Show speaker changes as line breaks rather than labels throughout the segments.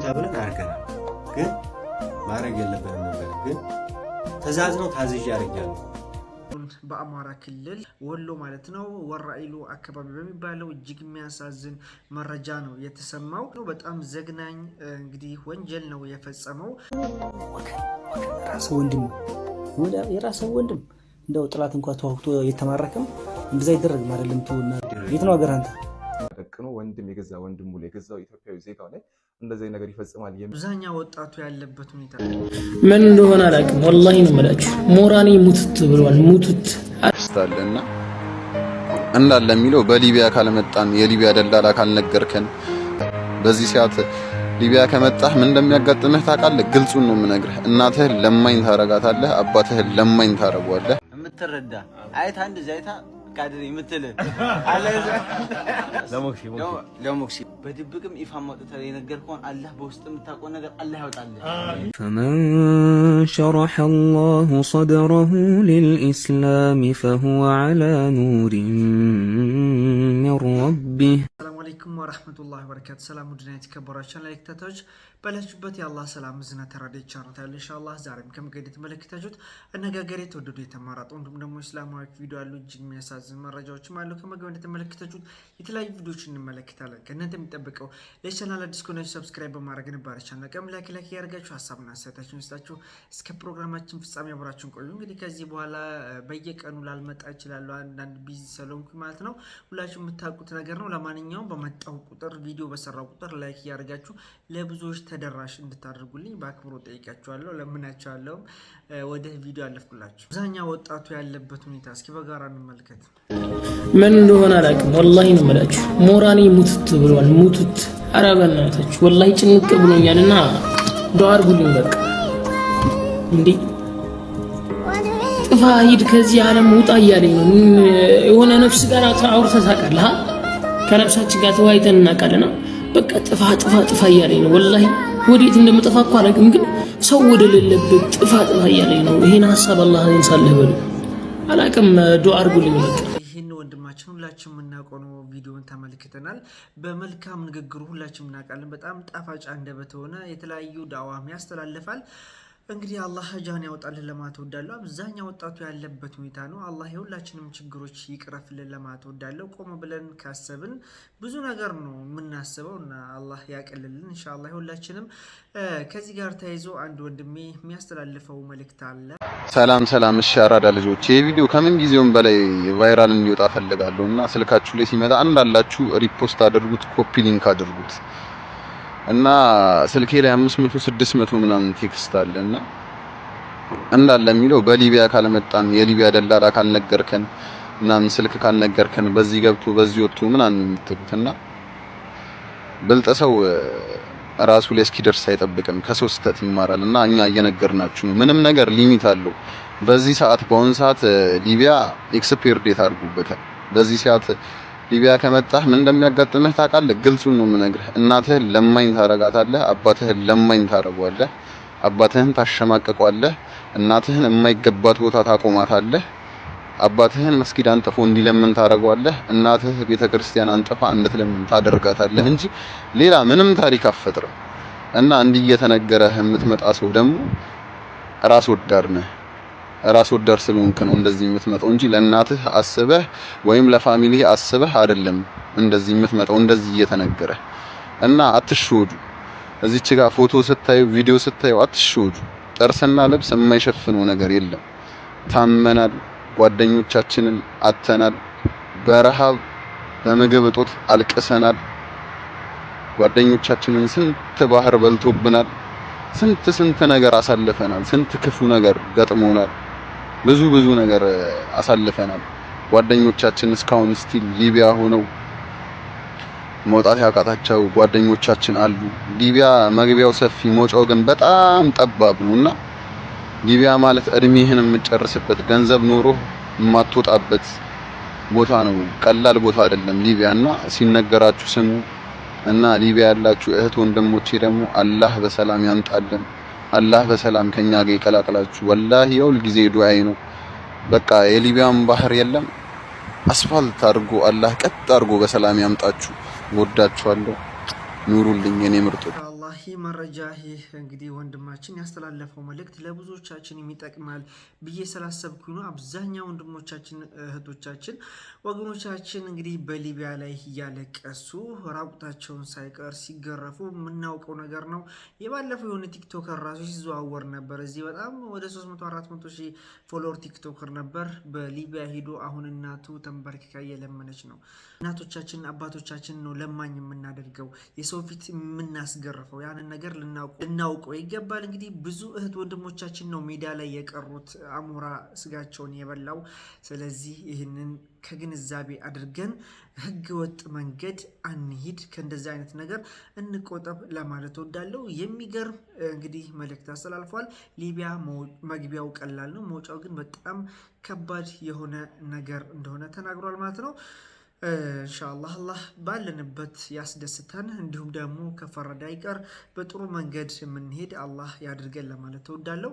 ቦታ ብለን አድርገናል። ግን ማድረግ የለብንም ነበር። ግን ትእዛዝ ነው፣ ታዝዥ ያደርጋሉ
በአማራ ክልል ወሎ ማለት ነው ወራኢሉ አካባቢ በሚባለው እጅግ የሚያሳዝን መረጃ ነው የተሰማው። በጣም ዘግናኝ እንግዲህ ወንጀል ነው የፈጸመው ራስ ወንድም እንደው ጥላት እንኳ ተዋግቶ የተማረከም እንደዛ አይደረግም። አይደለም የት ነው ሀገር አንተ
ጨክኖ ወንድም የገዛ ወንድሙ ላይ የገዛው ኢትዮጵያዊ ዜጋው ላይ እንደዚህ ነገር ይፈጽማል።
አብዛኛው ወጣቱ ያለበት ሁኔታ ምን እንደሆነ አላውቅም። ወላሂ ነው የምላችሁ። ሞራኔ ሙትት ብሏል። ሙትት
ስታለና እንዳለ የሚለው በሊቢያ ካልመጣን የሊቢያ ደላላ ካልነገርከን፣ በዚህ ሰዓት ሊቢያ ከመጣህ ምን እንደሚያጋጥምህ ታውቃለህ። ግልጹን ነው የምነግርህ። እናትህን ለማኝ ታረጋታለህ፣ አባትህን ለማኝ ታረጓለህ።
የምትረዳ አይታ እንደዚህ አይታ قاعد يمثل على
لا موكسي لا موكسي
بدبكم يفهم ما ترى ينقركون الله بوست متاقو نقر الله يوطال
فمن شرح الله صدره للإسلام فهو على نور ረቢህ።
ሰላሙ አለይኩም ወረህመቱላሂ ወበረካቱህ። ሰላም ውድና የተከበራችሁ ላይክ ተከታታዮች በላችሁበት የአላህ ሰላም እዝነ ተራዴ ቻኖታል ኢንሻአላህ ዛሬም ከምገድ የተመለከታችሁት አነጋገር የተወደዱ የተመረጡ እንዲሁም ደግሞ እስላማዊ ቪዲዮ አሉ። እጅግ የሚያሳዝን መረጃዎችም አሉ። ከመግቢያ እንደተመለከታችሁት የተለያዩ ቪዲዮዎች እንመለከታለን። ከእናንተ የሚጠበቀው ለቻናል አዲስ ከሆናችሁ ሰብስክራይብ በማድረግ ነባር ቻናቀም ላይክ ላይክ እያደረጋችሁ ሀሳብና አስተያየታችሁን ስጣችሁ እስከ ፕሮግራማችን ፍጻሜ አብራችሁን ቆዩ። እንግዲህ ከዚህ በኋላ በየቀኑ ላልመጣ ይችላለሁ አንዳንድ ቢዚ ስለሆንኩ ማለት ነው ሁላችሁ የምታውቁት ነገር ነው። ለማንኛውም በመጣው ቁጥር ቪዲዮ በሰራው ቁጥር ላይክ እያደርጋችሁ ለብዙዎች ተደራሽ እንድታደርጉልኝ በአክብሮ ጠይቃችኋለሁ፣ ለምናችኋለሁም። ወደ ቪዲዮ አለፍኩላችሁ። አብዛኛው ወጣቱ ያለበት ሁኔታ እስኪ በጋራ እንመልከት። ምን እንደሆነ አላውቅም። ወላሂ ነው የምላችሁ። ሞራኔ ሙትት ብሏል። ሙትት ኧረ በእናታችሁ ወላሂ ጭንቅ ብሎኛል እና ዱዓ አድርጉልኝ በቃ እንዴ ጥፋ፣ ሂድ ከዚህ ዓለም ውጣ እያለኝ ነው። የሆነ ነፍስ ጋር አውርተህ ታውቃለህ? ከነፍሳችን ጋር ተወያይተን እናውቃለና በቃ ጥፋ፣ ጥፋ፣ ጥፋ እያለኝ ነው። ወላሂ ወዴት እንደምጠፋ እኮ አላውቅም፣ ግን ሰው ወደ ሌለበት ጥፋ፣ ጥፋ እያለኝ ነው። ይሄን ሀሳብ አላህ ይንሳልህ በሉ። አላውቅም። ዱዓ አድርጉልኝ በቃ ወንድማችን ሁላችን የምናውቀው ነው። ቪዲዮን ተመልክተናል። በመልካም ንግግሩ ሁላችን እናውቃለን። በጣም ጣፋጭ አንደበት ሆነ የተለያዩ ዳዋም ያስተላልፋል። እንግዲህ አላህ ጃን ያወጣልን ለማለት እወዳለሁ። አብዛኛው ወጣቱ ያለበት ሁኔታ ነው። አላህ የሁላችንም ችግሮች ይቅረፍልን ለማለት እወዳለሁ። ቆም ብለን ካሰብን ብዙ ነገር ነው የምናስበው እና አላህ ያቅልልን እንሻላ የሁላችንም። ከዚህ ጋር ተያይዞ አንድ ወንድሜ የሚያስተላልፈው መልእክት አለ።
ሰላም ሰላም፣ እሺ አራዳ ልጆች፣ ይህ ቪዲዮ ከምን ጊዜውም በላይ ቫይራል እንዲወጣ ፈልጋለሁ እና ስልካችሁ ላይ ሲመጣ አንዳላችሁ ሪፖስት አድርጉት፣ ኮፒ ሊንክ አድርጉት እና ስልኬ ላይ 500 600 ምናምን ቴክስት አለ እና እንዳለ የሚለው በሊቢያ ካልመጣን የሊቢያ ደላላ ካልነገርከን ምናምን ስልክ ካልነገርከን በዚህ ገብቶ በዚህ ወጥቶ ምናምን የምትሉትና እና ብልጥ ሰው ራሱ ላይ እስኪደርስ አይጠብቅም። ከሰው ስህተት ይማራል እና እኛ እየነገርናችሁ ነው። ምንም ነገር ሊሚት አለው። በዚህ ሰዓት በአሁኑ ሰዓት ሊቢያ ኤክስፔርዴት አድርጉበታል። በዚህ ሰዓት ሊቢያ ከመጣህ ምን እንደሚያጋጥምህ ታውቃለህ? ግልጹን ነው የምነግርህ። እናትህን ለማኝ ታረጋታለህ፣ አባትህን ለማኝ ታረጓለህ፣ አባትህን ታሸማቅቋለህ፣ እናትህን የማይገባት ቦታ ታቆማታለህ፣ አባትህን መስጊድ አንጥፎ እንዲለምን ታረጓለህ፣ እናትህ ቤተ ክርስቲያን አንጥፋ እንድትለምን ታደርጋታለህ እንጂ ሌላ ምንም ታሪክ አፈጥርም እና እንዲህ እየተነገረህ የምትመጣ ሰው ደግሞ ራስ ወዳድ ነህ። ራስ ወዳድ ስለሆንክ ነው እንደዚህ የምትመጣው እንጂ ለእናትህ አስበህ ወይም ለፋሚሊ አስበህ አይደለም እንደዚህ የምትመጣው። እንደዚህ እየተነገረ እና አትሾዱ እዚች ጋር ፎቶ ስታዩ፣ ቪዲዮ ስታዩ አትሾዱ ጥርስና ልብስ የማይሸፍነው ነገር የለም። ታመናል፣ ጓደኞቻችንን አተናል፣ በረሃብ በምግብ እጦት አልቅሰናል። ጓደኞቻችንን ስንት ባህር በልቶብናል። ስንት ስንት ነገር አሳልፈናል። ስንት ክፉ ነገር ገጥሞናል። ብዙ ብዙ ነገር አሳልፈናል። ጓደኞቻችን እስካሁን ስቲል ሊቢያ ሆነው መውጣት ያቃታቸው ጓደኞቻችን አሉ። ሊቢያ መግቢያው ሰፊ፣ መውጫው ግን በጣም ጠባብ ነው እና ሊቢያ ማለት እድሜህን የምጨርስበት ገንዘብ ኖሮ የማትወጣበት ቦታ ነው። ቀላል ቦታ አይደለም ሊቢያ እና ሲነገራችሁ ስሙ እና ሊቢያ ያላችሁ እህት ወንድሞቼ ደግሞ አላህ በሰላም ያምጣልን። አላህ በሰላም ከኛ ጋር ይቀላቅላችሁ። ወላሂ የሁል ጊዜ ዱዓዬ ነው። በቃ የሊቢያን ባህር የለም አስፋልት አድርጎ አላህ ቀጥ አድርጎ በሰላም ያምጣችሁ። ወዳችኋለሁ። ኑሩልኝ የኔ ምርጦች።
ይህ መረጃ ይህ እንግዲህ ወንድማችን ያስተላለፈው መልእክት ለብዙዎቻችን የሚጠቅማል ብዬ ስላሰብኩ ነው። አብዛኛው ወንድሞቻችን እህቶቻችን፣ ወገኖቻችን እንግዲህ በሊቢያ ላይ እያለቀሱ ራቁታቸውን ሳይቀር ሲገረፉ የምናውቀው ነገር ነው። የባለፈው የሆነ ቲክቶከር ራሱ ሲዘዋወር ነበር። እዚህ በጣም ወደ 340 ሺህ ፎሎወር ቲክቶከር ነበር። በሊቢያ ሄዶ አሁን እናቱ ተንበርክካ እየለመነች ነው። እናቶቻችን አባቶቻችን ነው ለማኝ የምናደርገው የሰው ፊት የምናስገርፈው። ያንን ነገር ልናውቀው ይገባል። እንግዲህ ብዙ እህት ወንድሞቻችን ነው ሜዳ ላይ የቀሩት አሞራ ስጋቸውን የበላው። ስለዚህ ይህንን ከግንዛቤ አድርገን ወጥ መንገድ አንሂድ፣ ከእንደዚህ አይነት ነገር እንቆጠብ ለማለት ወዳለው የሚገርም እንግዲህ መልእክት አስተላልፏል። ሊቢያ መግቢያው ቀላል ነው፣ መውጫው ግን በጣም ከባድ የሆነ ነገር እንደሆነ ተናግሯል ማለት ነው። እንሻላ አላህ ባለንበት ያስደስተን፣ እንዲሁም ደግሞ ከፈረዳ ይቀር በጥሩ መንገድ የምንሄድ አላህ ያድርገን ለማለት ተወዳለው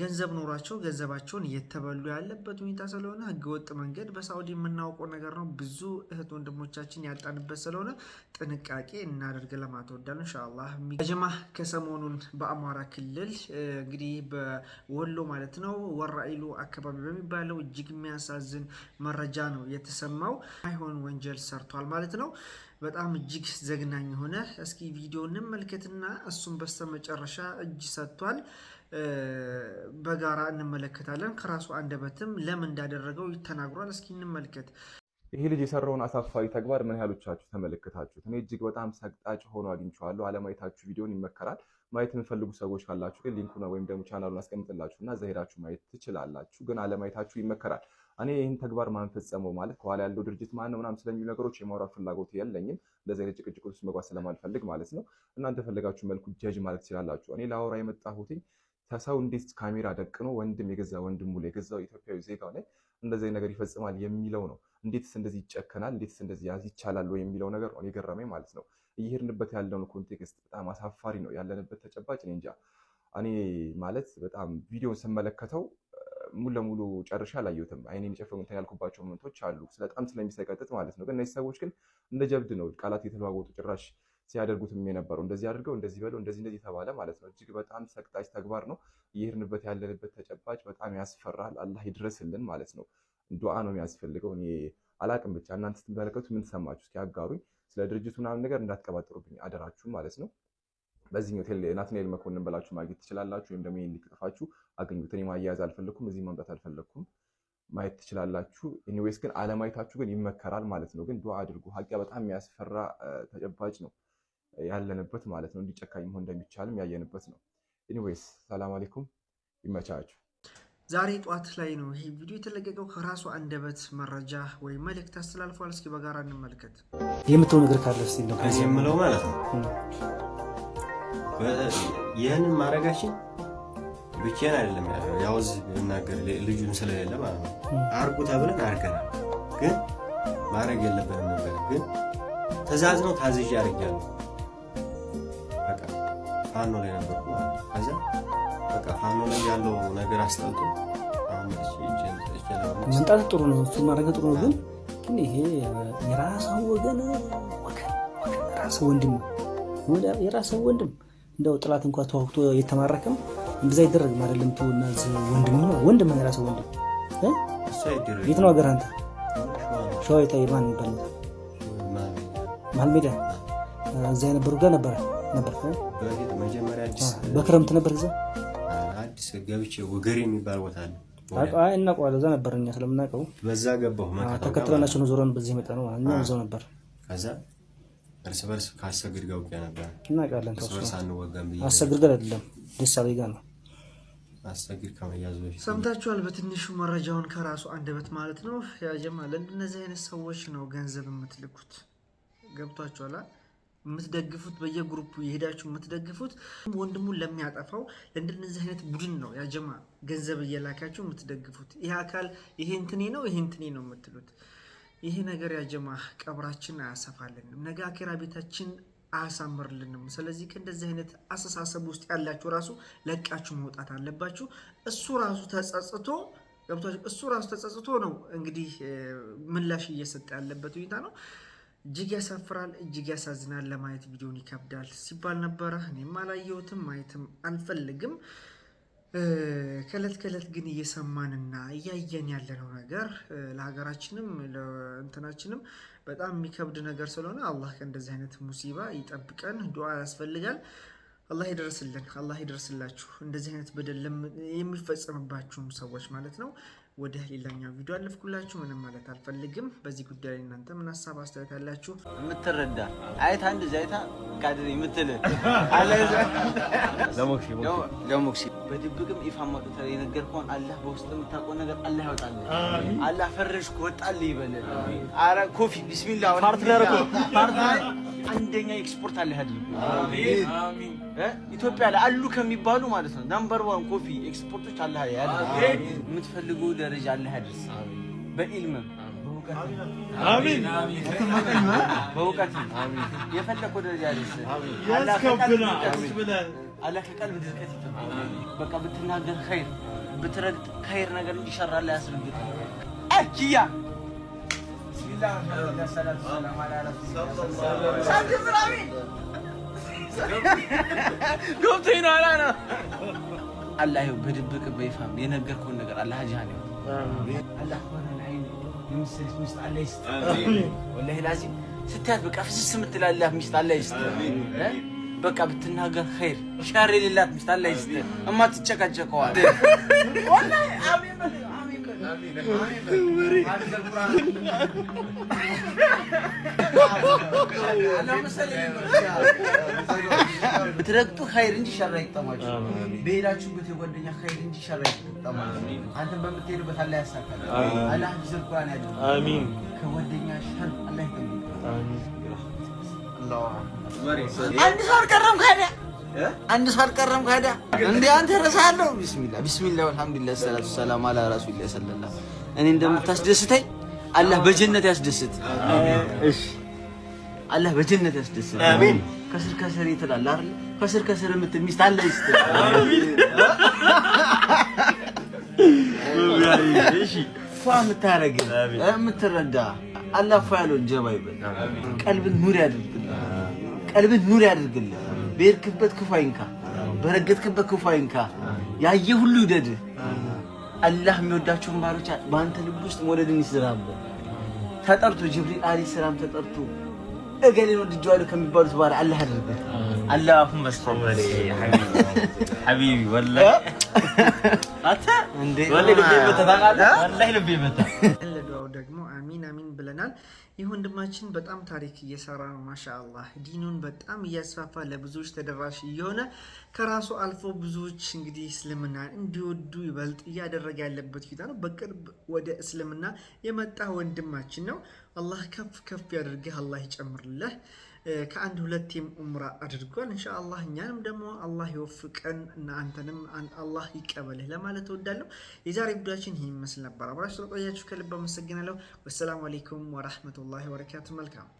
ገንዘብ ኖሯቸው ገንዘባቸውን እየተበሉ ያለበት ሁኔታ ስለሆነ ህገወጥ መንገድ በሳዑዲ የምናውቀው ነገር ነው። ብዙ እህት ወንድሞቻችን ያጣንበት ስለሆነ ጥንቃቄ እናደርግ ለማለት እወዳለሁ። ኢንሻአላህ ጀማ ከሰሞኑን በአማራ ክልል እንግዲህ በወሎ ማለት ነው ወራኢሉ አካባቢ በሚባለው እጅግ የሚያሳዝን መረጃ ነው የተሰማው። አይሆን ወንጀል ሰርቷል ማለት ነው። በጣም እጅግ ዘግናኝ የሆነ እስኪ ቪዲዮ እንመልከትና እሱም በስተመጨረሻ እጅ ሰጥቷል። በጋራ እንመለከታለን። ከራሱ አንደበትም ለምን እንዳደረገው ተናግሯል። እስኪ እንመልከት።
ይህ ልጅ የሰራውን አሳፋሪ ተግባር ምን ያህሎቻችሁ ተመለከታችሁት? እኔ እጅግ በጣም ሰቅጣጭ ሆኖ አግኝቼዋለሁ። አለማየታችሁ ቪዲዮን ይመከራል። ማየት የምፈልጉ ሰዎች ካላችሁ ግን ሊንኩን ወይም ደግሞ ቻናሉን አስቀምጥላችሁ እና ዘሄዳችሁ ማየት ትችላላችሁ። ግን አለማየታችሁ ይመከራል። እኔ ይህን ተግባር ማን ፈጸመው ማለት ከኋላ ያለው ድርጅት ማን ነው ምናምን ስለሚሉ ነገሮች የማውራት ፍላጎት የለኝም። እንደዚህ አይነት ጭቅጭቅ ውስጥ መግባት ስለማልፈልግ ማለት ነው። እናንተ ፈለጋችሁ መልኩ ጀጅ ማለት ትችላላችሁ። እኔ ለአውራ የመጣሁትኝ ከሰው እንዴት ካሜራ ደቅኖ ወንድም የገዛ ወንድሙ ላይ የገዛው ኢትዮጵያዊ ዜጋው ላይ እንደዚህ ነገር ይፈጽማል የሚለው ነው። እንዴትስ እንደዚህ ይጨከናል፣ እንዴትስ እንደዚህ ያዝ ይቻላል ወይ የሚለው ነገር ነው የገረመኝ ማለት ነው። እየሄድንበት ያለውን ኮንቴክስት በጣም አሳፋሪ ነው ያለንበት ተጨባጭ። እኔ እንጃ እኔ ማለት በጣም ቪዲዮን ስመለከተው ሙሉ ለሙሉ ጨርሻ አላየሁትም። አይኔን የጨፈኑ እንትን ያልኩባቸው መንቶች አሉ በጣም ስለሚሰቀጥጥ ማለት ነው። ግን እነዚህ ሰዎች ግን እንደ ጀብድ ነው ቃላት የተለዋወጡ ጭራሽ ሲያደርጉትም የነበሩ እንደዚህ አድርገው እንደዚህ በለው እንደዚህ እንደዚህ ተባለ ማለት ነው። እጅግ በጣም ሰቅጣጭ ተግባር ነው። እየሄድንበት ያለንበት ተጨባጭ በጣም ያስፈራል። አላህ ይድረስልን ማለት ነው። ዱዓ ነው የሚያስፈልገው። እኔ አላቅም ብቻ እናንተ ስትመለከቱ ምን ተሰማችሁ? እስኪ አጋሩኝ። ስለ ድርጅቱ ምናምን ነገር እንዳትቀባጥሩብኝ አደራችሁ ማለት ነው። በዚህኛው ቴሌ ናትናኤል መኮንን በላችሁ ማግኘት ትችላላችሁ። ወይም ደግሞ ይህን ሊጠፋችሁ አገኙት። እኔ ማያያዝ አልፈለግኩም፣ እዚህ መምጣት አልፈለግኩም። ማየት ትችላላችሁ። ኢኒዌይስ ግን አለማየታችሁ ግን ይመከራል ማለት ነው። ግን ዱዓ አድርጉ። ሀቂያ በጣም የሚያስፈራ ተጨባጭ ነው። ያለንበት ማለት ነው። እንዲጨካኝ መሆን እንደሚቻልም ያየንበት ነው። ኢኒዌይስ ሰላም አሌኩም ይመቻችሁ።
ዛሬ ጠዋት ላይ ነው ይህ ቪዲዮ የተለቀቀው። ከራሱ አንደበት መረጃ ወይም መልእክት አስተላልፏል። እስኪ በጋራ እንመልከት።
የምትው ነገር ካለ ስ የምለው ማለት ነው ይህንን ማድረጋችን ብቻዬን አይደለም ያወዝ ብናገር ልጁን ስለሌለ ማለት ነው አርጉ ተብለን አርገናል፣ ግን ማድረግ የለብንም ነበር። ግን ትእዛዝ ነው ታዝዤ አድርጊያለሁ ፋኖ ላይ ነበር። ማለት ከዚያ በቃ ፋኖ ላይ ያለው ነገር አስጠልቶ
መምጣት ጥሩ ነው፣ እሱ ማድረግ ጥሩ ነው። ግን ግን ይሄ የራስህ ወገን የራስህ ወንድም የራስህ ወንድም እንደው ጥላት እንኳ ተዋግቶ የተማረከም እንደዛ አይደረግም አይደለም። ትውና ወንድም ወንድም የራስህ ወንድም የት ነው ሀገር አንተ ሸዋ የማን ይባል መሃል ሜዳ እዛ የነበሩ ጋር ነበረ ነበር በክረምት ነበር ጊዜ
አዲስ ገብቼ ወገር የሚባል ቦታ አለ
እናውቀዋለን። እዛ ነበር እኛ ስለምናውቀው
በዛ ገባሁ።
ተከትለናቸው ነው ዞረን በዚህ መጣ ነው። እኛ እዛው ነበር።
ከዛ እርስ በርስ ከአሰግድ ጋር ውጊያ ነበር።
እናውቃለን። አሰግድ ጋር አይደለም ደሳሌ ጋር ነው።
አስቸግር ከመያዙ በፊት
ሰምታችኋል። በትንሹ መረጃውን ከራሱ አንደበት ማለት ነው ያጀማ እንደነዚህ አይነት ሰዎች ነው ገንዘብ የምትልኩት። ገብቷችኋላ። የምትደግፉት በየግሩፑ የሄዳችሁ የምትደግፉት ወንድሙን ለሚያጠፋው ለእንደነዚህ አይነት ቡድን ነው ያጀማ ገንዘብ እየላካችሁ የምትደግፉት። ይህ አካል ይሄ እንትኔ ነው ይሄ እንትኔ ነው የምትሉት። ይሄ ነገር ያጀማ ቀብራችን አያሰፋልንም፣ ነገ አኬራ ቤታችን አያሳምርልንም። ስለዚህ ከእንደዚህ አይነት አስተሳሰብ ውስጥ ያላችሁ ራሱ ለቃችሁ መውጣት አለባችሁ። እሱ ራሱ ተጸጽቶ ገብቷችሁ እሱ ራሱ ተጸጽቶ ነው እንግዲህ ምላሽ እየሰጠ ያለበት ሁኔታ ነው። እጅግ ያሳፍራል፣ እጅግ ያሳዝናል፣ ለማየት ቪዲዮን ይከብዳል ሲባል ነበረ። እኔም አላየሁትም ማየትም አልፈልግም። ከእለት ከእለት ግን እየሰማንና እያየን ያለነው ነገር ለሀገራችንም ለእንትናችንም በጣም የሚከብድ ነገር ስለሆነ አላህ ከእንደዚህ አይነት ሙሲባ ይጠብቀን። ዱዓ ያስፈልጋል። አላህ ይደርስልን፣ አላህ ይደርስላችሁ። እንደዚህ አይነት በደል የሚፈጸምባችሁም ሰዎች ማለት ነው ወደ ሌላኛው ቪዲዮ አለፍኩላችሁ። ምንም ማለት አልፈልግም በዚህ ጉዳይ ላይ። እናንተ ምን ሀሳብ አስተያየት ያላችሁ
የምትረዳ አይታ አንድ እዚህ አይታ ቃድር የምትል ለሞክሲ በድብቅም ይፋ ማቅተር የነገርከውን አላህ በውስጥ የምታውቀው ነገር አላህ ያወጣል። አላህ ፈረሽ ወጣል ይበል። አረ ኮፊ ቢስሚላ
ፓርት አንደኛ ኤክስፖርት አለ ያድርጉ። አሜን። ኢትዮጵያ ላይ አሉ ከሚባሉ ማለት ነው ናምበር ዋን ኮፊ ኤክስፖርቶች አለ ያድርጉ። የምትፈልገው ደረጃ አለ ያድርስ። በኢልም አሜን። በእውቀት የፈለከው ደረጃ ያድርስ። ድርቀት በቃ ብትናገር ኸይር ብትረድ ኸይር ነገር እንዲሸራላ ያስረግጥ አኪያ ገብቶኝ ነው አላ ነው አላህ በድብቅ በይፋም የነገርኩህን ነገር አላህ ጃን ስታያት በቃ ፍስስ የምትላላት ሚስት አላህ ይስጥህ። በቃ ብትናገር ኸይር ሻር የሌላት ሚስት አላህ ይስጥህ። እማትጨቃጨቀዋል ብትረግጡ ኸይር እንጂ ሸር አይጠማችሁ። በሄዳችሁበት የጓደኛ ኸይር እንጂ ሸር አይጠማችሁ። አንተም በምትሄድበት አላህ ያሳካል። አላህ ፊዘል ቁርአን ያለ አሚን። ከጓደኛ ሸር አላህ ይጠብቅ። አንድ ሰው አልቀረም ካለ አንድ ሰው አልቀረም። ካዳ እንደ አንተ ረሳለሁ። ቢስሚላህ ቢስሚላህ፣ አልሐምዱሊላህ ሰላቱ ሰላም አላ ረሱሊላህ ሰለላሁ እኔ እንደምታስደስተኝ አላህ በጀነት ያስደስት። እሺ አላህ በጀነት ያስደስት። አሜን። ከስር ከስር ይተላል አይደል? ከስር ከስር የምትል ሚስት አለ ይስጥ። አሜን። እሺ ፏ የምታረግ የምትረዳ አላህ ፏ ያለውን ጀባ ይበል። ቀልብን ኑር ያድርግልህ። ቀልብን ኑር ያድርግልህ። በሄድክበት ክፉ አይንካ፣ በረገጥክበት ክፉ አይንካ። ያየ ሁሉ ይውደድ። አላህ የሚወዳቸውን ባሮች በአንተ ልብ ውስጥ መውደድን ይስራበት። ተጠርቶ ጅብሪል አለይሂ ሰላም ተጠርቶ እገሌን ወድጄዋለሁ ከሚባሉት ባሪያ አላህ አድርገን። አላሁመ ስፈሪ ሐቢቢ ወላሂ አታ እንዴ ወላሂ ልቤ መታ ወላሂ ልቤ መታ ደግሞ አሚን አሚን ብለናል። ይህ ወንድማችን በጣም ታሪክ እየሰራ ነው። ማሻአላ ዲኑን በጣም እያስፋፋ ለብዙዎች ተደራሽ እየሆነ ከራሱ አልፎ ብዙዎች እንግዲህ እስልምና እንዲወዱ ይበልጥ እያደረገ ያለበት ፊታ ነው። በቅርብ ወደ እስልምና የመጣ ወንድማችን ነው። አላህ ከፍ ከፍ ያደርግህ፣ አላህ ይጨምርልህ። ከአንድ ሁለቴም ኡምራ አድርጓል። እንሻአላህ እኛንም ደግሞ አላህ ይወፍቀን እና አንተንም አላህ ይቀበልህ ለማለት እወዳለሁ። የዛሬ ጉዳያችን ይህ ይመስል ነበር። አብራችሁ ስለቆያችሁ ከልብ አመሰግናለሁ። ወሰላሙ አሌይኩም ወራህመቱላሂ ወበረካቱ። መልካም